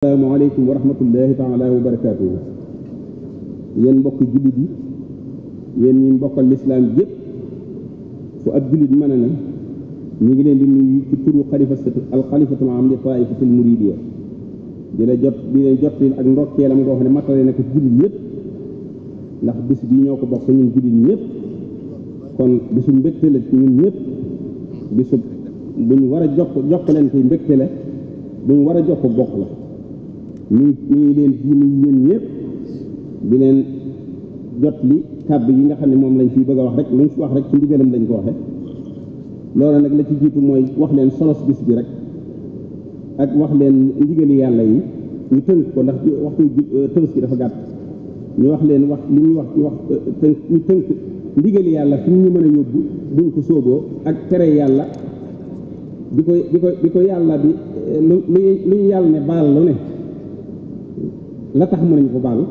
asalaamaaleykum wa rahmatullahi taala wa barakaatuhu yéen mbokk jullit yi yéen ñi mbokkal lislaam yépp fu ab jullit mën na ne ñu ngi leen di nuyu ci turu xalifatu al xalifatul am li la jot di ak ndokkeelam ngoo xam ne matale na ko jullit yépp ndax bis bi ñoo ko bokk ñun jullit ñépp kon bisu mbégte la ci ñun bisu bu ñu war a jokk jokk leen koy mbégte la bu ñu war a jokk bokk la mi ngi leen di nuyu yéen ñëpp di jot li kàddu yi nga xam ne moom lañ fiy bëgg a wax rek luñ fi wax rek ci ndigalam lañ ko waxe loolu nag la ci jiitu mooy wax leen solos bis bi rek ak wax leen ndigali yàlla yi ñu tënk ko ndax waxtu euh, tënk ci dafa gàtt ñu wax leen wax li wax wax euh, tënk ñu tënk ndigali yàlla fi ñu mën a yóbbu duñ ko sóoboo ak tere yàlla bi ko bi ko bi ko yàlla bi euh, lu lu ñu yàlla ne baal lu ne la tax mënuñ ko baalu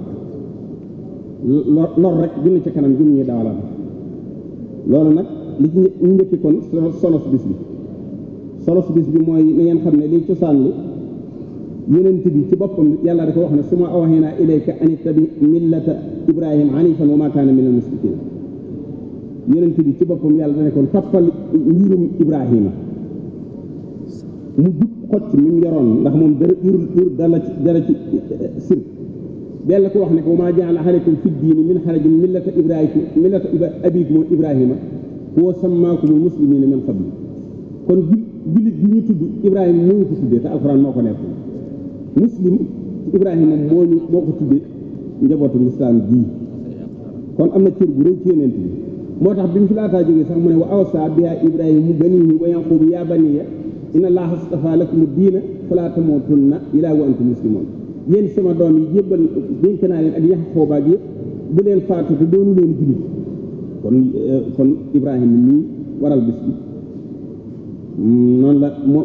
lor rek dina ci kanam jum ñu dawalaat loolu nag li ci ñu njëkki kon solos bis bi solos bis bi mooy na ngeen xam ne li cosaan li yonent bi ci boppam yàlla da ko wax ne su ma awhaynaa ilayka an ittabi millata ibrahim hanifan wa ma kaana minal mushrikiin yonent bi ci boppam yàlla da ne kon toppal ngirum ibrahima mu jub xocc mi mu yoroon ndax moom dara ur ur dala ci dara ci eh, sir della ko wax ne ko maa jaala aleykum fi diini min xarajin millata ibrahima millata abikum ibrahima huwa sammaakumul muslimina min qabl kon jullit bi ñu tudd ibrahima moo moo ko nekk muslim ibrahima moo ñu moo ko tuddee njabootu lislaam gii kon am na cër bu rëy ci yonent moo tax bi mu fi laataa jógee sax mu ne wa awsa biha ibrahima banihi wa yaqubu yaa baniya inna allaha astafa lakum diina fala tamutunna illa wa antum muslimun yéen sama doom yi jébbal dénk naa leen ak yax xoobaag yëpp bu leen faatu te doonu leen jullit kon euh, kon ibrahima mii waral bis bi noonu la moo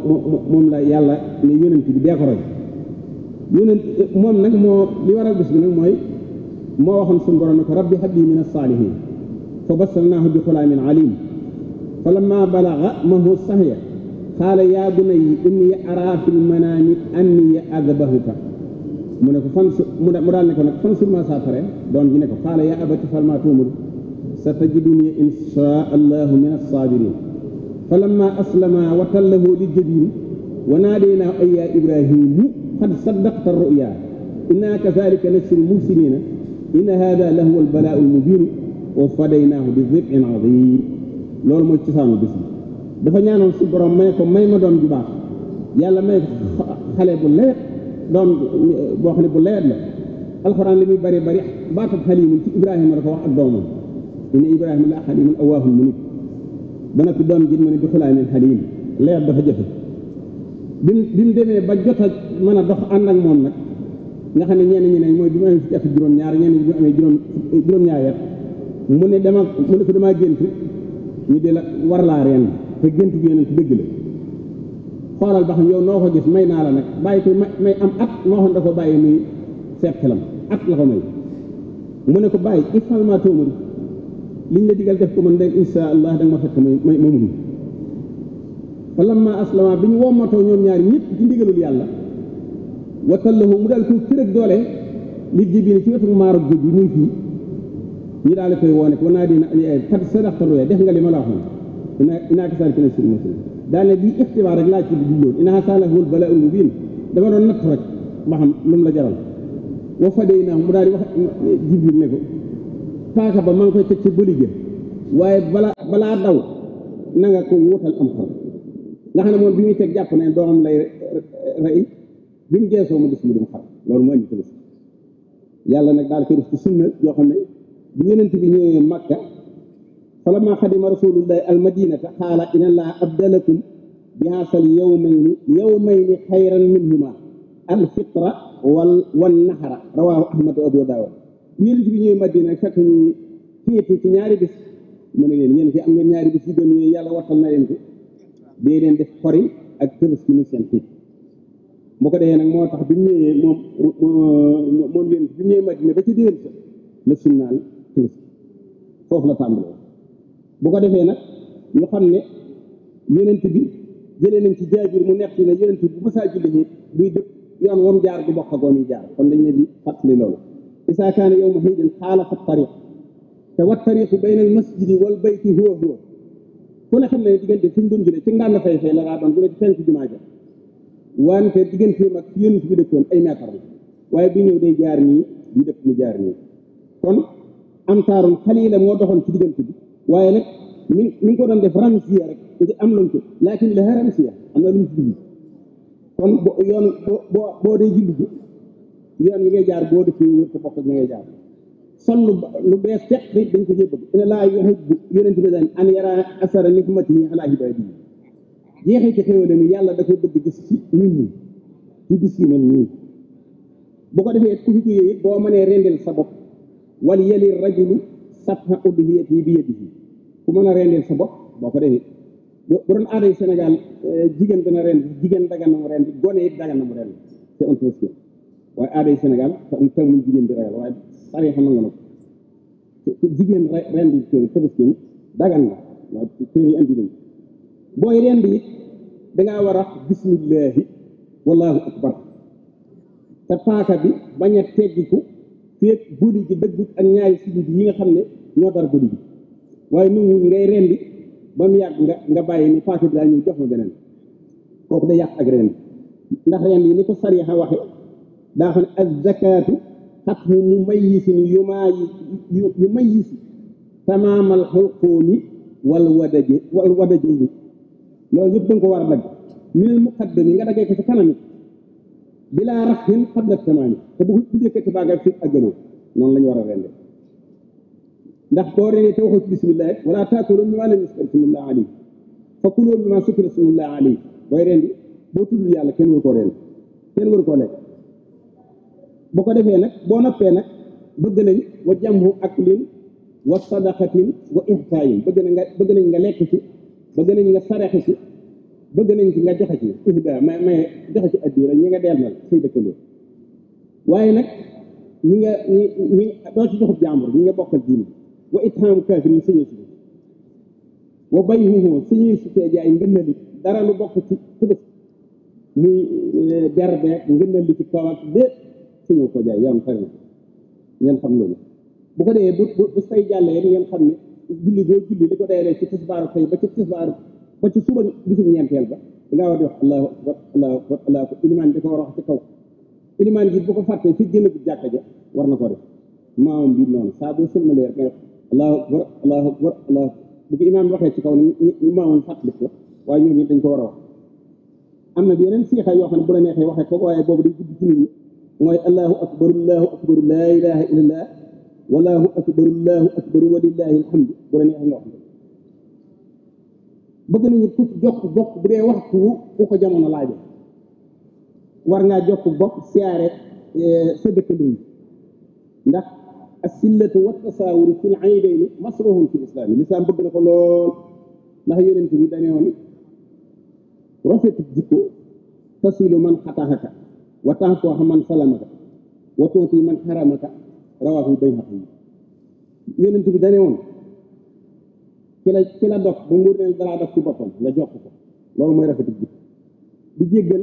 moom la yàlla ne yonent bi dee ko roy yonent moom nag moo li waral bis bi nag mooy moo waxoon suñu borom ne ko rabbi habli min as-salihin fa bassalnaahu bi xulaamin alim fa lamma balaga mahu sahiya xaala yaa bunayya inni araa fil manaami anni adbahuka mu ne ko fan su mu daal ne ko nag fan surma saa pare doom ji ne ko xaala yaa abati fal maa tuumur sa tajiduni inshaa allahu min assaabiriin fa lamma aslama wa tallahu li jabiin wa naadaynaahu ay yaa ibrahimu qad saddaqta ruya inna kazaalika najzil muhsiniina inna haadaa lahuwa albalaa'u almubiin wa fadaynaahu bi dib'in aziim loolu mooy cosaanu bis bi dafa ñaanoon si borom may ko may ma doom ju baax yàlla may xale bu lewet doom boo xam ne bu leer la alxuraan li muy bari bari baatab xalimun ci ibrahima la ko wax ak doomam inna ibrahima la xalimun awaahun ba noppi doom ji ma ne bi xulaamin xalim lewet dafa jëfe bi bi mu demee ba jot a mën a dox ànd ak moom nag nga xam ne ñenn ñi ne mooy bi mu amee ñaar ñenn ñi bi mu juróom juróom-ñaar ne dama mu ne ko damaa gént ñu di la war laa reen te géntu yonent dëgg la xoolal ba xam yow noo ko gis may naa la nag bàyyi ko may am at moo xam da ko bàyyi muy seet xelam at la ko may mu ne ko bàyyi ifal maa liñ la digal def ko man de insha allah da nga ma fekk may may ma mun fa lamma aslama bi ñu wommatoo ñoom ñaar ñëpp ci ndigalul yàlla watallahu mu dal ko kërëg doole li jibil ci wetu maaro géej bi muy fii ñu daal di koy woo nag wanaa dina kad eh, sadaqta def nga li ma la ina ina ka saalika nasil muslim daa ne bii ixtibaar rek laa ci jubloon ina saalahul balaa'ul mubiin dama doon natt rek ma xam lu mu la jaral wa fadaynaahu mu daal di wax Jibril ne ba maa ngi koy teg ci bëli waaye balaa balaa daw na nga ko wutal am xar nga ne moom bi muy teg jàpp ne doomam lay rey bi mu soo mu gis mu dum xar loolu moo indi tabaski yàlla nag daal ko def ci sunna yoo xam ne bu yonent bi ñëwee Makka falamma xadima rasulullahi almadinata xaala ina laa abdalakum bi asal yawmayni yawmayni xayran minhuma alfitra wal wan naxara rawaahu ahmad wa abu daawud yonent bi ñëwee madina fekk ñu xiitu ci ñaari bis mu ne leen yéen fi am ngeen ñaari bis yu gën yooyu yàlla wattal na leen ko dee leen def xori ak tëbës ki muy seen xiit bu ko defee nag moo tax bi mu ñëwee moom moom yéen bi mu ñëwee madina ba ci déwén sa la sunnaal tëbës foofu la tàmbalee bu ko defee nag ñu xam ne yonent bi jëlee nañ ci jaabir mu nekk ne yonent bi bu saa julli ji buy dëpp yoon wam jaar du bokk ak wam yi jaar kon dañ ne di fàttali loolu isaa kaana yowma xiidin xaalafa tariq te wa bay bayna al masjidi wal bayti huwa huwa ku ne xam ne diggante fi mu doon jëlee ci ngànn fay fay la daa doon bu ne ci fenk jumaa ja wante digganteem ak yonent bi dëkkoon ay mètre waaye bi ñëw day jaar nii ñu def mu jaar nii kon am taarul xaliila moo doxoon ci diggante bi waaye nag mi mi ngi ko doon def ramsiya rek ngir am lañ ko laakin la ramsiya am na lu mu ci dugg kon bo yoon boo boo dee julli ji yoon yi ngay jaar boo defee wër te bokk ak ngay jaar sol lu lu bees teq dañ ko jébbal ina laa yuhibbu yonent bi dañ an yara asara nikmatihi ala ibaadihi jeexee ci xéwale mi yàlla da ko bëgg gis ci nit ñi ci bis yu mel nii bu ko defee ku fi jógee it boo mënee rendel sa bopp wal yali rajulu sabha udhiyati bi yadihi ku mën a rendil sa bopp boo ko defee bu doon eh, jigéen dana rend jigéen dagan na mu rendi gone it dagan na mu rendi c'est un peu na waaw kër yi andi nañ booy rendi war a bismillahi wallahu akbar te paaka bi bañ a teggiku feeg guddi gi dëgg ak ñaari sidit yi nga xam ne ñoo dar guddi gi waaye nanguwuñ ngay rendi ba mu yàgg nga nga bàyyi ni faatu bi daal ñëw jox ma beneen kooku da yàq ak ren ndax ren yi ni ko sariya waxe daa xam ne ak zakaatu xat mu ñu mayisi ni yu maa yu mayisi tamaamal xulqooni wal wadaje wal wadaje yi loolu yëpp da nga ko war a dagg minal muqaddami nga daggee ko ci kanam bilaa rafin xabla tamaami te bu buddee kati baaga fii ak gënoo noonu lañu ñu war a rende ndax boo rendee te waxoo ci wala taakulu mimmaa lam yuzkar smullaahi alayhi fa kuluu mimmaa zukira smullaahi alayhi booy rendi boo yàlla kenn waru koo rendi kenn waru koo lekk bu ko defee nag boo noppee nag bëgg nañ wa jamhu aklin wa sadaqatin wa ihsaayin bëgg nañ nga bëgg nañ nga lekk ci bëgg nañ nga saraxe ci bëgg nañ ci nga joxe ci ihda may may joxe ci addiya ñi nga dellal say dëkkandoo waaye nag ñi nga ñi ñi doo ci joxub ñi nga bokkal diine wa itham kafirin sañu si wa bayhuhu sañu si fee jaay ngënali dara lu bokk ci fëlëf muy eh, derbeek ngënali ci kaw ak lépp suñu ko jaay yaam xari na ngeen xam loolu bu ko dee bu bu say jàllee ngeen xam ne julli boo julli li ko dayalee ci tisbaaru tey ba ci tisbaaru ba ci suba bisum ñeenteel ba da ngaa war di wax allahu akbar allahu akbar allahu akbar ilimaan bi da ko war a wax ci kaw ilimaan ji bu ko fàttee fi génn bu jàkka ja war na ko def maamam bi noonu saa boo sëlmalee rek nga def allahu akbar allahu akbar allahu akbar bu ko imaam waxee ci kaw ne ñu maamam fàttali ko waaye ñoom it dañ ko war a wax am na yeneen siixa yoo xam ne bu la neexee waxee ko waaye boobu day gudd ci nit ñi mooy allahu akbar allahu akbar laa ilaha illallah wallahu akbar allahu akbar walillahi alhamdu bu la neexee nga wax bëgg nañu ku jox bokk bu dee waxtu ku ko jamono laaje war ngaa jokk bokk siyaare eh, sa dëkkandoo yi ndax asillatu wa tasaawuru fil aydayni masruhun fil islam yi lislaam bëgg na ko lool ndax yonent bi dane woon rafetu jikko tasilu man xataxaka wa tanfoox man salamaka wa tuuti man xaramaka rawaahu bayhaqi yonent bi dane woon ki la ki la dof bu nguur ne dalaa dof ci boppam nga jox ko loolu mooy rafetu jikko di jéggal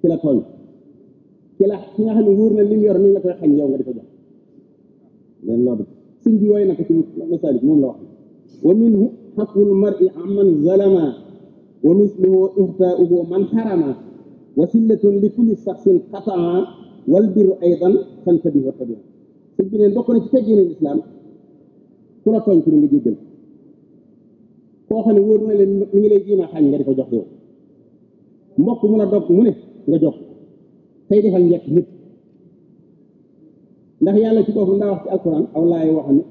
ki la tooñ ki nga xam ne nguur na li yor ni la koy xañ yow nga di ko jox leen loolu sëñ bi wooy na ko ci masalik moom la wax wa minhu xaqul mari amman zalama wa misluhu man xarama wa sillatun li kulli saxsin qataa wal birru aydan fantabi wa tabia sëñ bi neen bokk na ci teggee ne lislaam ku la tooñ ku ne nga jéggal koo xam ne wóor na leen mi ngi lay jiima xañ nga di ko jox yow mbokk mu ne nga jox tey defal njëkk nit ndax yàlla ci boppam daa wax ci alquran aw laay wax ne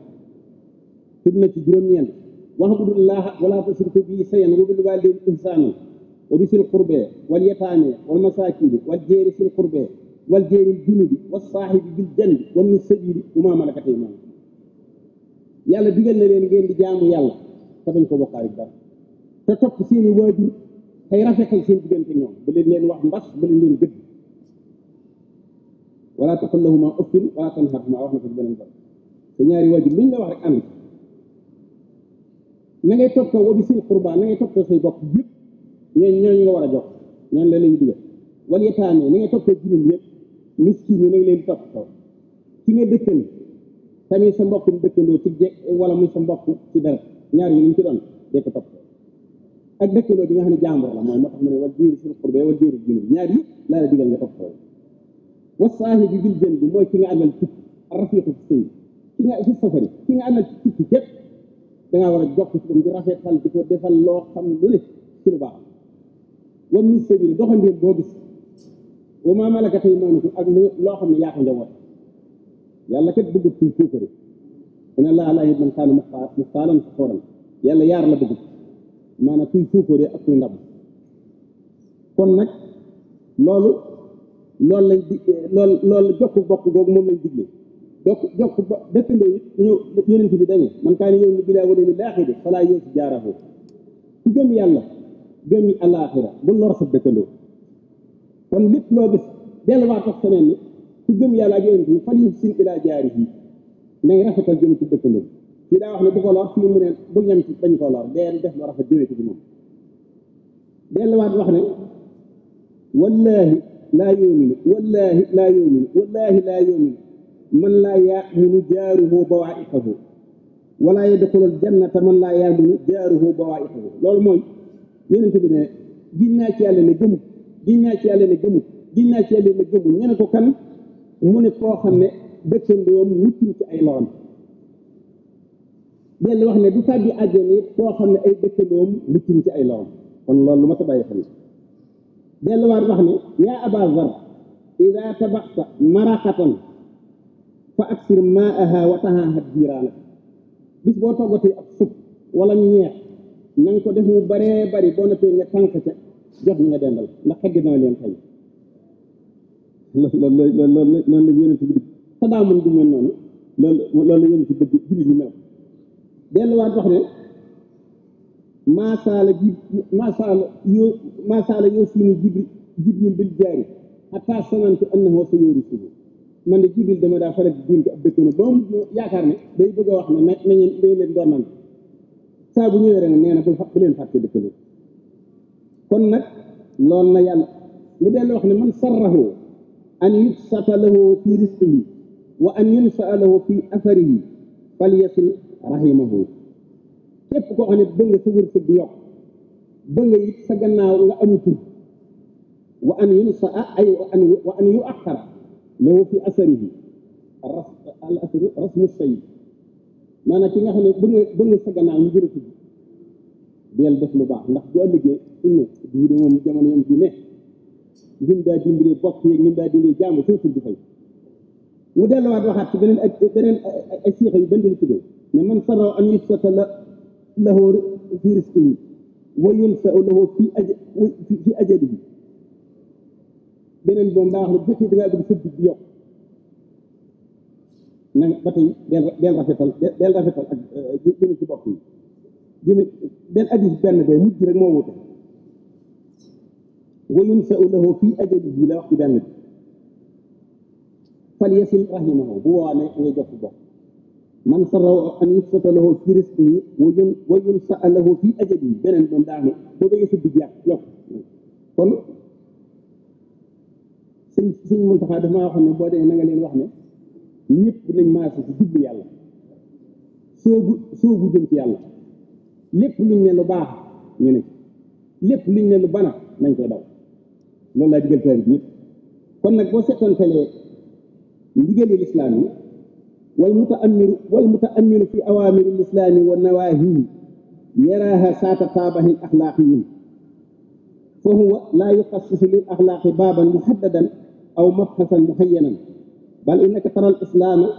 tudd na ci juróom-ñeent wa'budullaaha wa laa tushriku bihi shay'an wa bil waalidayni ihsaanan wa bi sil qurbee wal yataamee wal masaakiini wal jeeri sil qurbee wal jeeri junubi was saahibi bil janbi wa min sabiili wa maa yàlla digal na leen ngeen di jaamu yàlla te ko bokkaale dara te topp seen i waajur tey rafetal seen diggante ñoom ba leen leen wax mbas ba leen leen gëdd wala taqul lahumaa uffin wala tanharhumaa wax na ko ci beneen bopp te ñaari waajur luñ la wax rek ànd na ngay toppatoo bi bisil qurbaa na ngay toppatoo say bopp yëpp ñooñ ñooñu nga war a jox ñooñu la leen digal wal yataamee na ngay toppatoo jirim yëpp miskin yi na nga leen toppatoo ki nga dëkkal tamit sa mbokkum dëkkandoo ci je wala muy sa mbokk ci dara ñaar yi ñu ci doon day ko topp ak dëkkandoo bi nga xam ne jàmbur la mooy moo tax mu ne wal jiiri sil qurbé wal jiiri junub ñaar yi laa la digal nga topp wa mooy ki nga àndal tukki rafiqu fi sëy ki nga fi safari ki nga àndal tukki dangaa war a jokk ci dem di rafetal di ko defal loo xam lu ne ci lu baax wa min sabili doxandéem boo gis wa maa malakat aymanukum ak loo xam ne yaa ko njaboot yàlla kat bëgg kuy inna allaha laa yuhibbu man kaana muxtaalan faxooran yàlla yaar la bëgg maanaam kuy suukaree ak kuy ndab kon nag loolu loolu lañ di loolu loolu jokk bokk googu moom lañ digle jokk jokk ba dëkkandoo it ñu yonent bi dañu man kaana yu'minu billaahi wal yawmil aaxiri falaa yu'zi jaarahu ku gëm yàlla gëm alaaxira bu lor sa dëkkandoo kon lépp loo gis delluwaat ak feneen ni ku gëm yàlla ak yonent bi fal yuhsin ilaa jaarihi nay rafetal jëm ci dëkkandoo fii daa wax ne bu ko lor fii mu ne bu ñam ci bañ ko lor deen def lu rafet jëmee ci moom delluwaat wax ne wallaahi laa yoominu wallaahi laa yoominu wallaahi laa yoominu man laa yaamunu jaaruhu bawaa'iqahu wala yadxulul jannata man laa yaamunu jaaruhu bawaa'iqahu loolu mooy yonent bi ne giñ naa ci yàlla ne gëmut giñ naa ci yàlla ne gëmut giñ naa ci yàlla ne gëmut ñu ne ko kan mu ne koo xam ne dëkkandoom muccul ci ay loram dellu wax ne du tàbbi àjjana it koo xam ne ay dëkkandoom muccul ci ay loram kon loolu lu ma ta bàyyi xel delluwaat wax ne yaa aba zar ida tabaxta maraqatan fa aksir bis boo toggatee ak supp wala ñeex na ko def bare baree bari boo noppee nga tànk ca jox nga dendal ndax xegg na leen xëy loolu xanaa mën du mel noonu loolu loolu la yéen ci bëgg jullit ñi mel delluwaat wax ne maasaala ji maasaala yoo maasaala yoo suñu jibri jibril man de jibril dama daa faral di diin ko ba mu yaakaar ne day bëgg a wax ne na nañeen day leen doon nan saa bu ñëwee rek na bu bu leen fàtte dëkkaloo kon nag loolu na yàlla mu dellu wax ne man sarrahu an yubsata lahu fi rizqihi wa an yunsaa lahu fi afarihi falyasil rahimahu képp koo xam ne bëgg nga sa wërsëg di yokk bëgg nga it sa gannaaw nga amu tur wa an yunsaa ay wa an yu aqara lahu fi asarihi al asri rasmu sayid maanaam ki nga xam ne bëgg nga bëgg nga sa gannaaw ñu gën a tudd deel def lu baax ndax bu ëllëgee suñ ne diine moom jamono yam fi ne ngim daa dimbiree bokk yeeg ngim daa dimbiree jaamu soo tur du fay mu delluwaat waxaat ci beneen ak beneen ay siixa yu bënd la tuddee ne man sarraw an yubsata la lahoo fi risqihi wa yunsa lahoo fi aj fi ajalihi beneen boobu daa wax ne bu fekkee da ngaa bëgg sëdd bi yokk na ba tey del del rafetal del rafetal ak euh, jëme ci bopp yi jëme benn addis benn bee mujj rek moo wute wa yunsa lahoo fi ajalihi la wax ci benn bi falyasil rahimahu bu woowaa ne ngay jokk bokk man sarrahu an yubsata lahu fi rizqihi wa yun wa yunsaa lahu fi ajalihi beneen moom daa ne boo bëggee suddi jàpp yokk sëñ sëñ Muntaxa dafa ne boo dee na nga leen wax ne ñëpp nañ maase ci yàlla soogu soogu ci yàlla lépp luñ ne lu baax ñu ne lépp luñ ne lu bana nañ koy daw loolu laa digal taal bi kon nag boo seetoon telee ndigali lislaam yi wal mutaammiru wal mutaammiru fi awaamiri lislaam yi wa nawaahihi yaraaha saata taabahin axlaaqiyin fa huwa laa yuxassisu lil axlaaqi baaban muhaddadan aw mabxasan muhayyanan bal innaka tara al islaama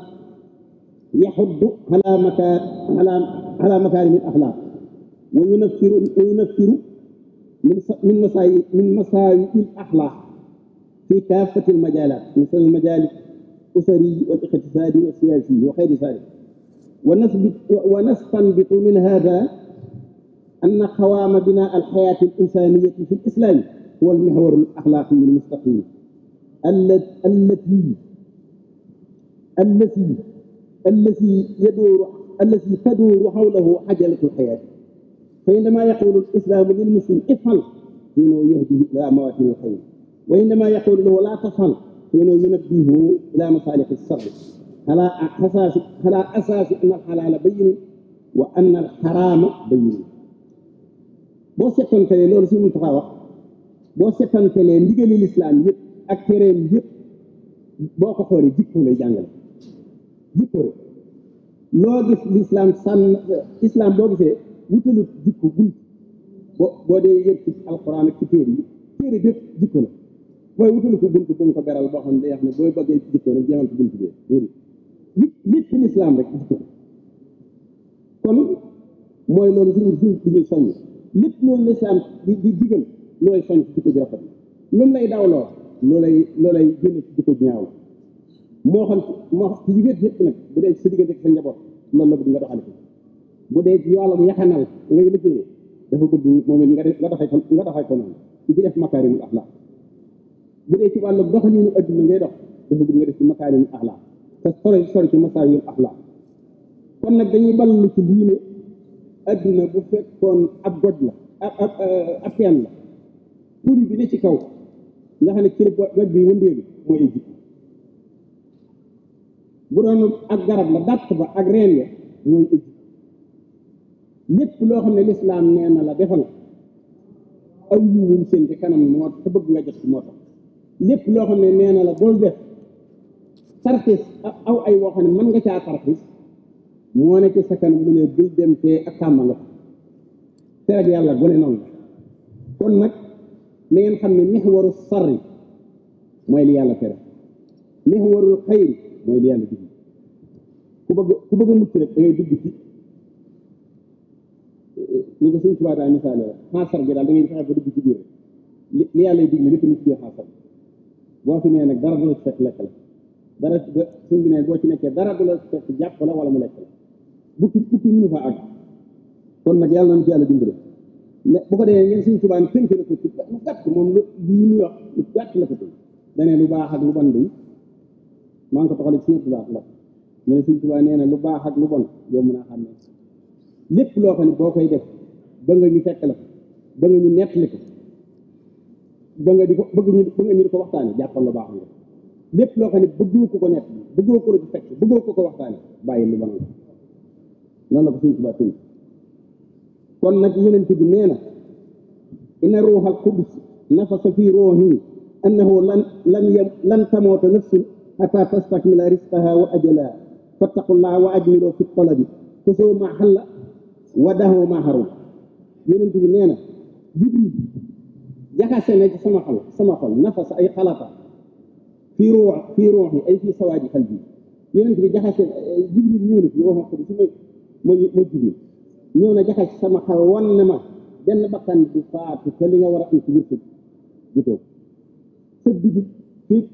yaxuddu ala makaa ala makaarimi al axlaaq wa yunaffiru wa yunaffiru min masaayi min masaayi al axlaaq fi kaafati al majaalaat misal al majalis الأسري والاقتصادي والسياسي وغير ذلك ونثبت ونستنبط من هذا أن قوام بناء الحياة الإنسانية في الإسلام هو المحور الأخلاقي المستقيم التي التي التي يدور التي تدور حوله عجلة الحياة فإنما يقول الإسلام للمسلم افعل فإنه يهدي إلى مواطن الخير وإنما يقول له لا تفعل ينبهه إلى مصالح الصبر على أساس على أساس أن الحلال بين وأن الحرام بين boo settantelee loolu si mun taxaa wax boo settantelee ndigali lislaam yëpp ak tereem yëpp boo ko xoolee jikko lay jàngale jikko rek loo gis lislaam sànn islaam boo gisee wutalut jikko bunt boo dee yër ci ak ci téere yi téere bépp jikko la booy wutal ko bunt bu ko beral boo xam ne day wax ne booy bëggee jikko rek jéemal ko bunt bi déedéet li lépp lislaam rek jikko kon mooy loolu suñu suñ di ñuy soññ lépp loolu lislaam di di digal looy soññ ci jikko ju rafet lu mu lay dawloo loo lay loo lay génne ci jikko ju ñaaw moo xam moo xam ci wét yëpp nag bu dee sa diggante ak sa njaboot loolu la bëgg nga doxale ko bu dee yoolam yaxanal ngay liggéeyee dafa bëgg moom it nga doxee ko nga doxee ko noonu ci def makaarimul axlaaq bu dee ci wàllu doxalinu adduna ngay dox dafa bëgg nga def ci makaarimul axlaaq te sori sori ci masaawil axlaaq kon nag dañuy ballu ci diine adduna bu fekkoon ab goj la ab ab euh, la puri bi ne ci kaw nga xam ne ci goj bi wëndeelu mooy ay jikko bu doon ak garab la dàtt ba ak reen ya mooy ay jikko lépp loo xam ne lislaam nee na la defal aw yiwum seen ci kanam moo te bëgg nga jot ci moo tax lépp loo xam ne nee na la bul def tarxis aw ay woo xam ne mën nga caa tarxis moo ne ci sakkan mu ne bul dem te ak kàmma nga te yàlla gone noonu la kon nag na ngeen xam ne mixwaru sarri mooy li yàlla tere mixwarul xayri mooy li yàlla digg ku bëgg bëgg a mucc rek dugg ci ñu ko suñ tubaab daal misaale la xaasar bi daal da ngay fexe ba dugg ci biir rek li yàlla digg lépp ni ci biir xaasar bi boo fi nee nag dara du la ci fekk lekk la dara suñ bi boo ci nekkee dara du la ci fekk wala mu lekk la bukki bukki mënu fa kon nag yàlla nañ ci yàlla dimbali mais bu ko defee ngeen suñ subaan tënk na ko ci lu gàtt moom lu lii mu wax lu la baax ak lu bon bi maa ngi ko taxale ci ñëpp baax la mu ne suñ subaan nee na lu baax ak lu bon yow mën a xam ne lépp loo xam ne boo koy def ba nga ñu fekk la ba nga ñu nettali ko ba nga di ko bëgg ñu nga di ko waxtaane jàppal lu baax nga lépp loo xam ne bëggoo ko nekk bëggoo ko ko fekk bëggoo ko ko waxtaane bàyyi lu la ko suñ tubaab tënk kon na yonent bi nee na a ruuxal qudus nafasa fii ruuxi annahu lan lan lan tamoota nafsun hatta tastakmila rizqaha wa ajalaha fattaqullaha wa ajmilu fi talabi xusoo ma xalla wa dahoo ma xarum yonent bi nee na jaxase na ci sama xol sama xol nafas ay xalaata fii ruux fii ruux yi ay fii sawaaji xal bi yonent bi jaxase jibril ñëw na fi ruuxam ko si mooy mooy mooy jibril sama xaw wan na ma benn bakkan du faatu te li nga war a am ci wërsëg jutoo bi fii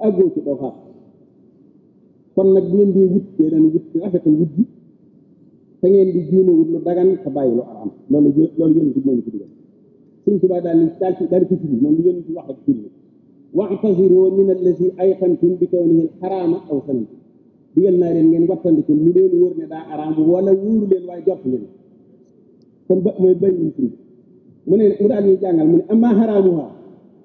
nag bu di wut dee leen wut ci ngeen di jéem a wut lu dagan te bàyyi lu araam loolu loolu yonent bi moo ko digal suñ tubaa daal ni daal ci daal ko ci moom lu yéen ci wax ak jur la wa'taziroo min allazi ayqantum bi kawnihi al-xaraama aw sanantum digal naa leen ngeen wattandiku lu leen wóor ne daa araam wala wóoru leen waaye jot ngeen kon ba mooy bay ñu suñ mu ne mu daal ñuy jàngal mu ne amma xaraamuha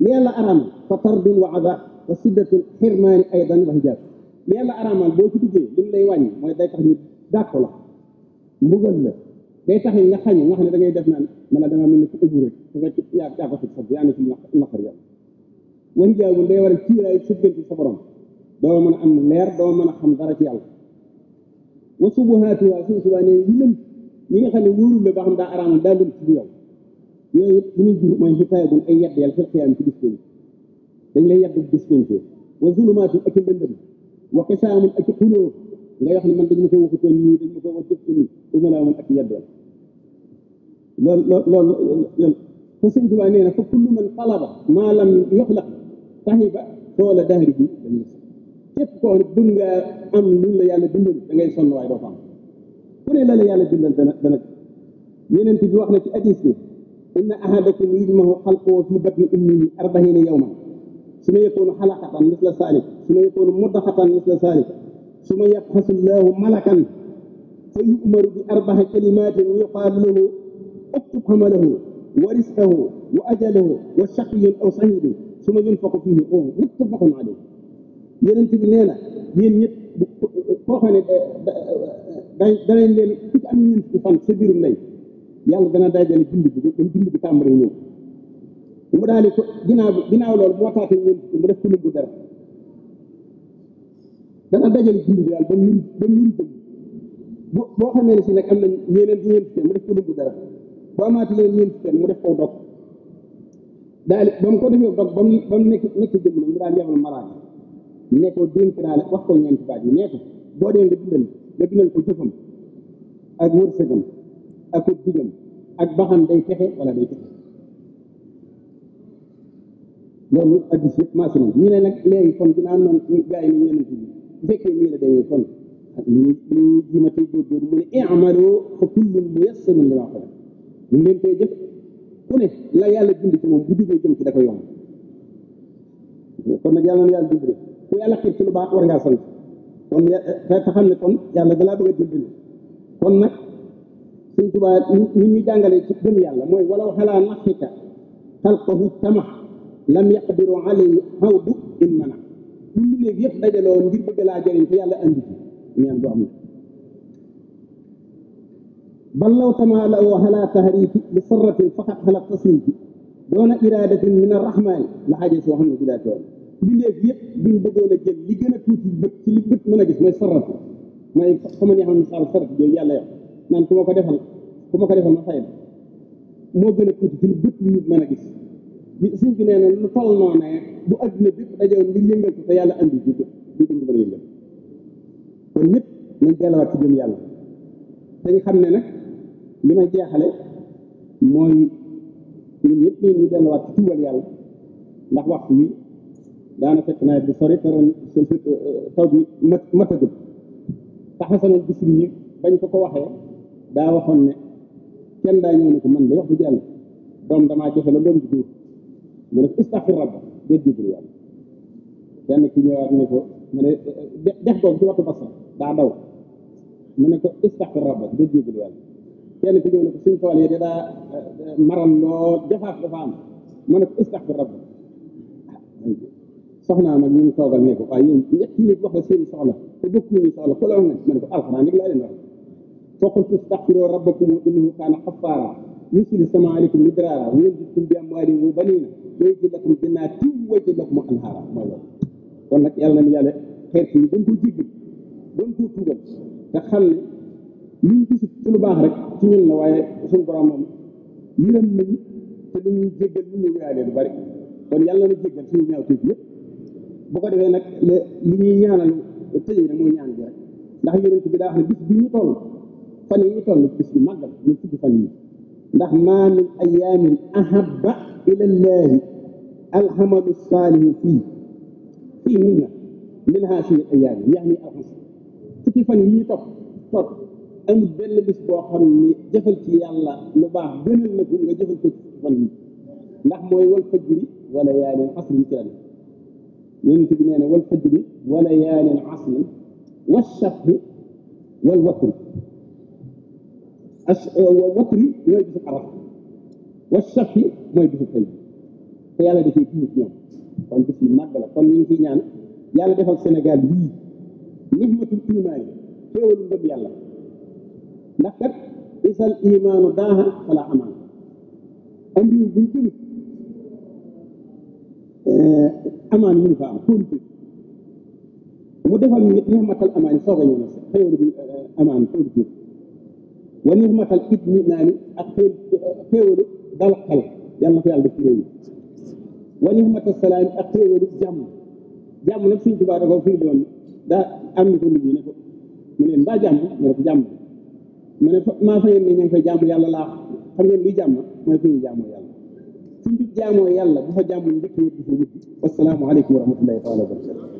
li yàlla araam fa tardun wa ada wa siddatun xirmaani aydan wa hijaab li yàlla araamal boo ci duggee lim lay wàññi mooy day tax ñu dàq la mbugal la day tax nga xañu nga xam ne da ngay def naan man a dama mel ni ku ëpp rek yaa yaa ko fekk sax yaa ne ci naqar yàlla wan jaabu day war a ciiraay sa diggante sa borom doo mën a am leer doo mën a xam dara ci yàlla wa subuhaati waa suñ subaa ne yi lëm ñi nga xam ne wóorul la ba xam daa araam daa lëm ci bu yow yooyu yëpp li muy jur mooy xitaagun ay yedd yàlla fil xiyaam ci bis dañ lay yedd bis wa zulumaatun ak lëndëm wa xisaamun ak xuloo ngay wax ne man dañ ma ko waxutoon nii dañ ma ko wax def nii uma laa moon ak yeddeel loolu loolu loolu te sëñ Tuubaa nee na fa kullu man xalaba maa lam yoxlaq saxiba soola daari bi dañ la képp koo xam bëgg ngaa am luñ la yàlla bindal da ngay sonn waaye doo ko am ku ne la la yàlla bindal dana dana yeneen bi wax na ci hadiis bi inna ahadakum yujmahu xalquhu fi batni ummihi arbahiina yawman su ma yëkkoon xalaxatan misla saalik su ma yëkkoon muddaxatan misla saalik suma yabxasullaahu malakan fa yu'maru bi arbaxa kalimatin wa yuqaalu lahu uktub xamalahu wa risqahu wa ajalahu wa shaqiyun aw sahiidun suma yunfaqu fiihi muttafaqun alayhi yonent bi nee na yéen ñëpp koo xam ne eh, danañ eh, eh, leen ku ci am ñeent ci fan sa biiru ndey yàlla dana dajale bind bi ba bind bi tàmbali ñëw mu daal di ko ginnaaw ginnaaw loolu moo taate ñeent mu def ci lumbu dara da nga dajale julli bi daal ba nuru ba nuru bëgg bu boo xamee ne si nag am na ñeneen ñeent fukki mu def ko boo amaati yeneen ñeent fukki mu def ko dog daal ko defee dog ba mu ba mu nekk nekk jëm nag mu daal yebal malaat ne ko dénk naa wax ko ñeenti baat yi nee ko boo dee nga bindal nga bindal ko jëfam ak wërsëgam ak ko digam wala day texe loolu addis yëpp maa ñu ne nag léegi kon dinaa noonu gaa yi ne bu fekkee la demee kon ak li ñuy li ñuy ji ma mu ne i'maloo fa kullun muyassarun limaa la yàlla bind ci moom bu jugee jëm ci da kon nag yàlla na yàlla dimbali kon te xam ne kon yàlla dalaa bëgg a kon nag suñ tubaab ñu ñu jàngalee ci yàlla mooy walaw xalaa nafsika xalqahu tamax lam yaqdiru alayhi hawdu in mana bu mbindeef yëpp dajaloo ngir bëgg laa jëriñ te yàlla andi ci ñaan du am na bal law tamaalaw ala tahriiki li sarratin faqat xala tasriiki doona iradatin min arrahmaani la xaaje soo xam ne bi daa toon mbindeef yëpp buñ bëggoon a jël li gën a tuuti bët ci li bët mën a gis mooy sarratu mooy sama ne xam misaal sarratu yàlla yox naan ku ma ko defal ku ma ko defal ma fay la moo gën a tuuti ci li bët nit mën a gis suñ bi nee na lu toll noonee bu adduna bépp dajewoon ngir yëngal yàlla andi ji du dund mën a yëngal kon ñëpp nañ delluwaat ci jëm yàlla dañ xam ne nag li may jeexale mooy ñun ñëpp nii ñu delluwaat ci tuubal yàlla ndax waxtu wi daana fekk nawet bi sori taroon euh, taw bi mat matagul taxasanoon bis yi bañ ko ko waxee daa waxoon ne kenn daa ñëw ne ko man de wax dëgg yàlla doom damaa joxe la doom ji góor mu ne ko istafir rabba dee jublu yàlla kenn ki ñëwaat ne ko mu ne def ko ci waxtu basar daa daw mu ne ko istafir rabba dee jublu yàlla kenn ki ñëw ne ko suñ tool yi de daa eh, maral loo jafaat dafa am mu ne ko istafir rabba soxnaa nag ñu ngi toogal ne ko waaye yéen ñetti nit wax la seen soxla te bokkuñu soxla ku la wax nag ma ne ko alxuraan rek laa leen wax fa qultu istaghfiru rabbakum innahu kaana ghaffaara yursil as-samaa'a alaykum midraara wa yumdidkum bi amwaalin wa baniina bay ji lakum jannaatin wa ji lakum anhaara mooy kon nag yàlla na yàlla xeer ci ñu gën koo jéggal gën koo tuubal te xam lu ñu gisul ci lu baax rek ci ñun la waaye suñu borom moom yërëm nañu te lu ñuy jéggal lu ñuy wéyalee lu bari kon yàlla na jéggal suñu ñaaw tuuti yëpp bu ko defee nag lu ñuy ñaanal tëjee nag mooy ñaan bi rek ndax yonent bi daa wax ne bis bi ñu toll fan yi ñu toll bis bi yi ndax maa min ayaamin ahabba إلى الله العمل الصالح فيه فيهن من هذه الأيام يعني الخمس fukki fan yii topp topp amul benn bis boo xam ni jëfal ci yàlla lu baax gënal na ko nga jëfal ko ci fan yii ndax mooy wal fajri wala yaalin asrin ci la ne yonent bi nee na wal fajri wala yaalin asrin washafhi wal watri as watri mooy bisu arafa wa safi mooy bisu tey te yàlla dafay diw ci ñoom kon bis yu màgg la kon ñu ngi ciy ñaan yàlla defal Sénégal yii nihmatul imaan yi xéewalu ngëm yàlla ndax kat isal imaanu daaha fala amaan am mbiru buñ jëm eh, amaan mënu fa am kóolute mu defal ñu amaan yi soog a ñëw na xéewalu eh, amaan kóolute dal xel yàlla na ko yàlla def ci réew a wali mata salaam ak xéewalu jàmm jàmm nag suñ tubaab da ko firi doon daa am ni ko nit ñi ne ko mu ne mbaa jàmm ñu ne ko jàmm mu ne maa fa yéen ne ña ngi jàmm yàlla laa xam ngeen luy jàmm mooy fi ñu jàmmoo yàlla suñ dul jaamoo yàlla bu fa jàmm njëkk yëpp di fa wut wasalaamu aleykum wa rahmatullahi taala wa barakatu